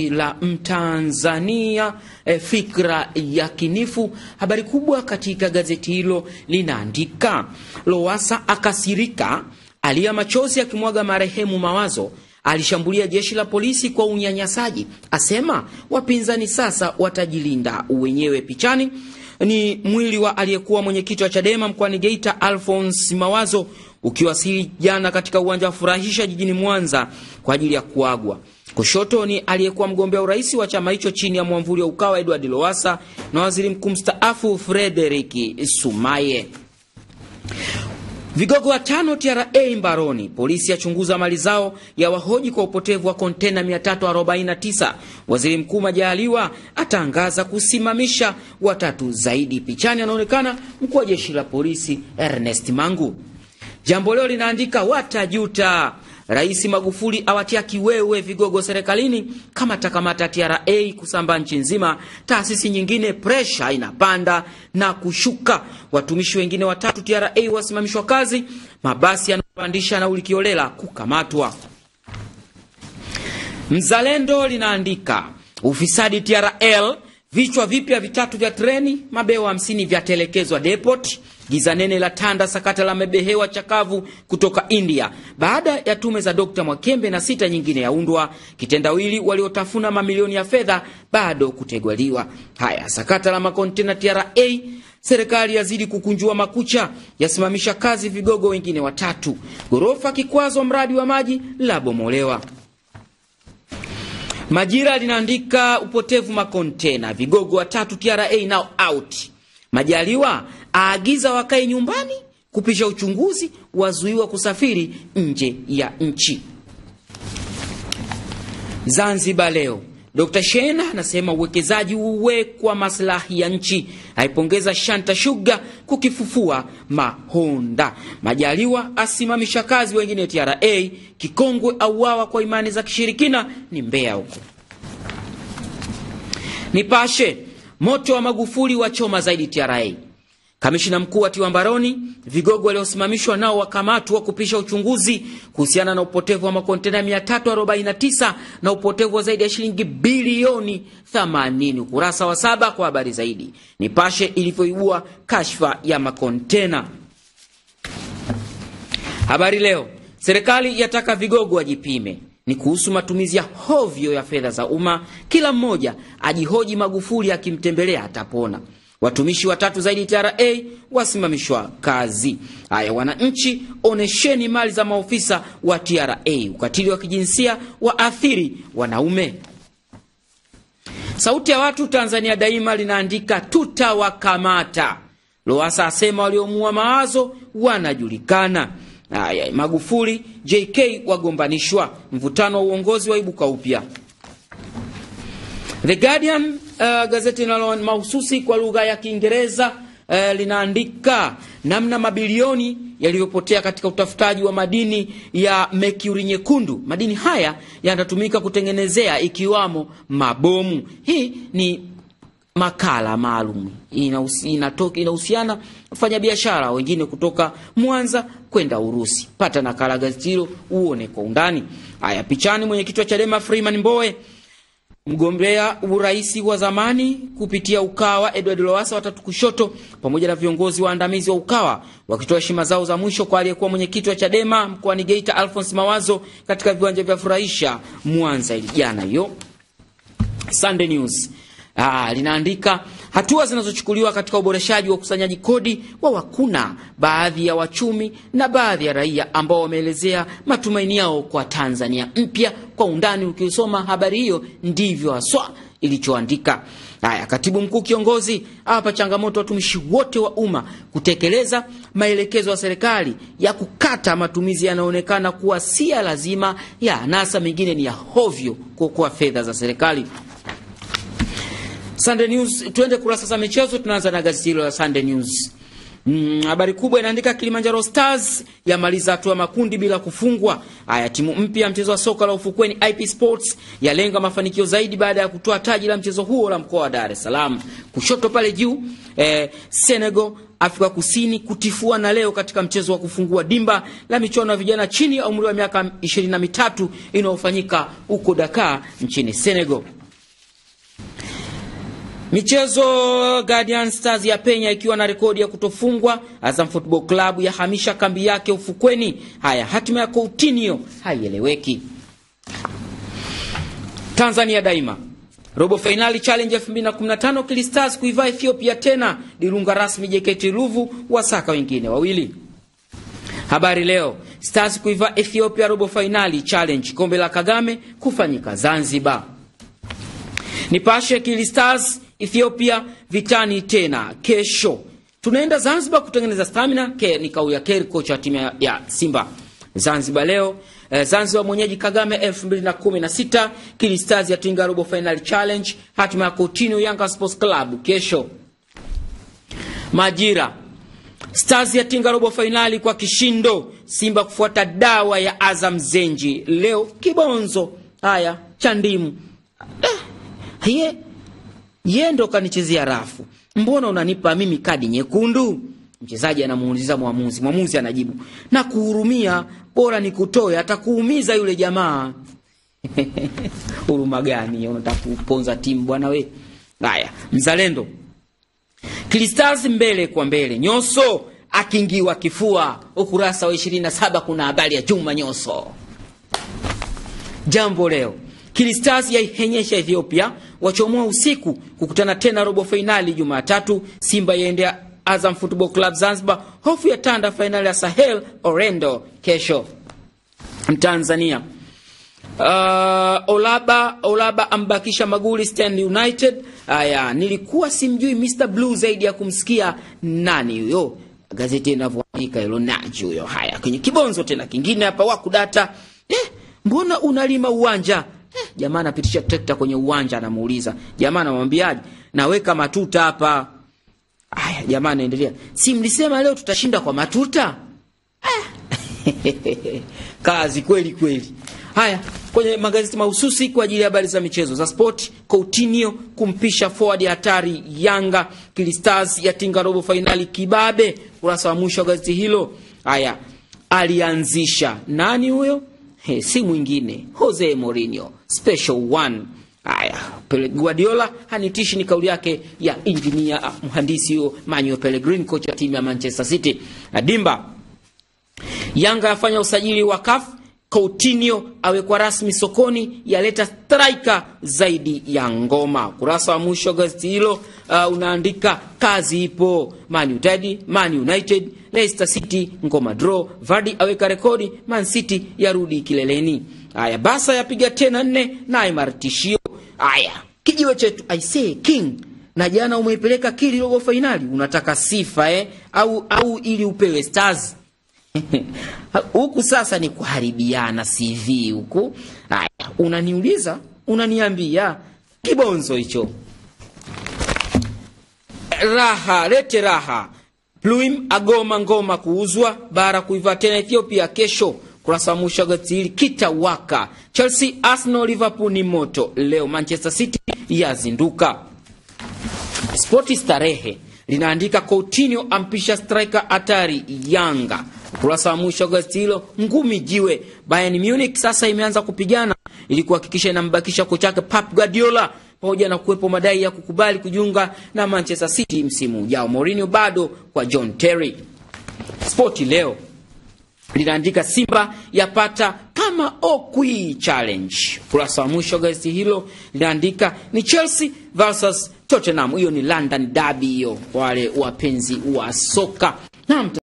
la Mtanzania e, fikra yakinifu. Habari kubwa katika gazeti hilo linaandika Lowasa akasirika, alia machozi akimwaga marehemu Mawazo, alishambulia jeshi la polisi kwa unyanyasaji, asema wapinzani sasa watajilinda wenyewe. Pichani ni mwili wa aliyekuwa mwenyekiti wa Chadema mkoani Geita Alphonse Mawazo ukiwasili jana katika uwanja wa Furahisha jijini Mwanza kwa ajili ya kuagwa. Kushoto ni aliyekuwa mgombea urais wa chama hicho chini ya mwamvuli wa Ukawa Edward Lowasa na waziri mkuu mstaafu Frederick Sumaye. Vigogo watano TRA mbaroni, polisi yachunguza mali zao ya wahoji kwa upotevu wa kontena 349. Waziri Mkuu Majaliwa atangaza kusimamisha watatu zaidi. Pichani anaonekana mkuu wa jeshi la polisi Ernest Mangu. Jambo Leo linaandika watajuta Rais Magufuli awatia kiwewe vigogo serikalini, kama takamata TRA kusamba nchi nzima, taasisi nyingine presha inapanda na kushuka. Watumishi wengine watatu TRA wasimamishwa kazi, mabasi yanapandisha nauli kiolela kukamatwa. Mzalendo linaandika ufisadi TRL, vichwa vipya vitatu vya treni, mabewa hamsini vyatelekezwa depoti. Giza nene la tanda sakata la mebehewa chakavu kutoka India baada ya tume za Dr. Mwakembe na sita nyingine yaundwa, kitendawili waliotafuna mamilioni ya fedha bado kutegwaliwa. Haya, sakata la makontena TRA Serikali yazidi kukunjua makucha, yasimamisha kazi vigogo wengine watatu. Ghorofa kikwazo, mradi wa maji labomolewa. Majira linaandika upotevu makontena, vigogo watatu TRA nao out. Majaliwa aagiza wakae nyumbani kupisha uchunguzi, wazuiwa kusafiri nje ya nchi. Zanzibar Leo. Dr. Shena anasema uwekezaji uwekwa maslahi ya nchi. Aipongeza Shanta Sugar kukifufua Mahonda. Majaliwa asimamisha kazi wengine TRA. Kikongwe auawa kwa imani za kishirikina ni Mbeya huko. Nipashe Moto wa Magufuli wachoma zaidi TRA. Kamishina mkuu watiwa mbaroni, vigogo waliosimamishwa nao wakamatwa kupisha uchunguzi kuhusiana na upotevu wa makontena 349 na upotevu wa zaidi ya shilingi bilioni 80. Ukurasa wa saba kwa habari zaidi. Nipashe ilivyoibua kashfa ya makontena. Habari Leo, serikali yataka vigogo wajipime ni kuhusu matumizi ya hovyo ya fedha za umma. Kila mmoja ajihoji, Magufuli akimtembelea atapona. Watumishi watatu zaidi TRA wasimamishwa kazi. Haya, wananchi, onesheni mali za maofisa wa TRA. Ukatili wa kijinsia waathiri wanaume. Sauti ya Watu Tanzania Daima linaandika tutawakamata. Lowassa asema waliomua Mawazo wanajulikana. Aya, Magufuli JK wagombanishwa, mvutano wa uongozi waibuka upya. The Guardian uh, gazeti nalo mahususi kwa lugha ya Kiingereza uh, linaandika namna mabilioni yaliyopotea katika utafutaji wa madini ya mekuri nyekundu. Madini haya yanatumika kutengenezea ikiwamo mabomu. Hii ni makala maalum inahusiana fanya biashara wengine kutoka Mwanza kwenda Urusi. Pata nakala gazeti hilo uone kwa undani. Haya, pichani mwenyekiti wa Chadema Freeman mboe mgombea urais wa zamani kupitia Ukawa Edward Lowassa watatu kushoto, pamoja na viongozi waandamizi wa Ukawa wakitoa heshima zao za mwisho kwa aliyekuwa mwenyekiti wa Chadema mkoani Geita alfons Mawazo katika viwanja vya furahisha Mwanza jana hiyo. Sunday News Ah, linaandika hatua zinazochukuliwa katika uboreshaji wa ukusanyaji kodi wa wakuna, baadhi ya wachumi na baadhi ya raia ambao wameelezea matumaini yao kwa Tanzania mpya. Kwa undani ukisoma habari hiyo, ndivyo haswa ilichoandika. Haya, katibu mkuu kiongozi hapa, changamoto watumishi wote wa umma kutekeleza maelekezo ya serikali ya kukata matumizi yanaonekana kuwa si ya lazima ya anasa, mengine ni ya hovyo, kuokoa fedha za serikali. Sunday News, tuende kurasa za michezo. Tunaanza na gazeti hilo la Sunday News. Mm, habari mm, kubwa inaandika Kilimanjaro Stars yamaliza hatua makundi bila kufungwa. Haya, timu mpya mchezo wa soka la ufukweni IP Sports yalenga mafanikio zaidi baada ya kutoa taji la mchezo huo la mkoa wa Dar es Salaam. Kushoto pale juu eh, Senegal Afrika Kusini kutifua na leo katika mchezo wa kufungua dimba la michuano ya vijana chini ya umri wa miaka ishirini na mitatu inayofanyika huko Dakar nchini Senegal. Michezo. Guardian Stars ya Penya ikiwa na rekodi ya kutofungwa. Azam Football Club yahamisha kambi yake ufukweni. Haya, hatima ya Coutinho haieleweki. Tanzania Daima robo fainali challenge 2015 Kilistars kuivaa Ethiopia tena. Dirunga rasmi JKT Ruvu, wasaka wengine wawili. Habari Leo, Stars kuivaa Ethiopia robo fainali challenge. Kombe la Kagame kufanyika Zanzibar. Nipashe, Kili Stars Ethiopia vitani tena kesho. Tunaenda Zanzibar kutengeneza stamina ke, ni kauli ya keri kocha timu ya Simba. Zanzibar leo eh, Zanzibar mwenyeji Kagame 2016 Kili ya Tinga robo final challenge, hatima ya Coutinho Yanga Sports Club kesho. Majira Stars ya Tinga robo fainali kwa kishindo, Simba kufuata dawa ya Azam Zenji leo Kibonzo. Haya, Chandimu. Ah, eh, yeah yeye ndo kanichezea rafu, mbona unanipa mimi kadi nyekundu? Mchezaji anamuuliza mwamuzi, mwamuzi anajibu, nakuhurumia, bora nikutoe, atakuumiza yule jamaa. Huruma gani unataka kuponza timu bwana we? Haya, mzalendo Kristas mbele kwa mbele, Nyoso akingiwa kifua. Ukurasa wa 27 kuna habari ya Juma Nyoso. Jambo leo Kili Stars yaihenyesha Ethiopia, wachomoa usiku kukutana tena robo fainali Jumatatu. Simba yaendea Azam Football Club Zanzibar, hofu ya tanda fainali ya Sahel Orendo kesho. Mtanzania uh, Olaba Olaba ambakisha maguli Stand United. Aya, nilikuwa simjui Mr Blue zaidi ya kumsikia nani huyo, gazeti inavyoandika hilo, naji huyo. Haya, kwenye kibonzo tena kingine hapa, wakudata eh, mbona unalima uwanja Jamaa anapitisha trekta kwenye uwanja, anamuuliza jamaa, anamwambiaje? Naweka matuta hapa. Aya, jamaa anaendelea, si mlisema leo tutashinda kwa matuta? kazi kweli kweli. Haya, kwenye magazeti mahususi kwa ajili ya habari za michezo za sport, Coutinho kumpisha forward hatari Yanga, Kilistars ya tinga robo fainali kibabe, kurasa wa mwisho wa gazeti hilo. Haya, alianzisha nani huyo? He, si mwingine Jose Mourinho special one. Haya, Pele Guardiola hanitishi, ni kauli yake ya injinia ah, mhandisi huyo Manuel Pellegrini, kocha wa timu ya Manchester City. Adimba Yanga yafanya usajili wa kafu Coutinho awekwa rasmi sokoni yaleta striker zaidi ya ngoma. Kurasa wa mwisho gazeti hilo uh, unaandika kazi ipo, Man United, Man United, Leicester City ngoma draw, Vardy aweka rekodi, Man City yarudi kileleni. Aya, Barca yapiga tena nne, Neymar tishio. Aya, kijiwe chetu I say king na jana umeipeleka kili robo finali, unataka sifa eh? au, au ili upewe stars huku sasa ni kuharibiana CV huku. Haya, unaniuliza unaniambia kibonzo hicho. Raha, lete raha. Pluim agoma ngoma kuuzwa bara kuiva tena Ethiopia kesho. Kurasa wa gatili gazeti kitawaka. Chelsea, Arsenal, Liverpool ni moto leo. Manchester City yazinduka. Sporti starehe linaandika Coutinho ampisha striker atari Yanga. Ukurasa wa mwisho wa gazeti hilo, ngumi jiwe. Bayern Munich sasa imeanza kupigana ili kuhakikisha inambakisha kocha wake Pep Guardiola pamoja na kuwepo madai ya kukubali kujiunga na Manchester City msimu ujao. Mourinho bado kwa John Terry. Spoti leo linaandika Simba yapata kama Okwi challenge. Kurasa wa mwisho gazeti hilo linaandika ni Chelsea versus Tottenham. Hiyo ni London derby hiyo, wale wapenzi wa soka na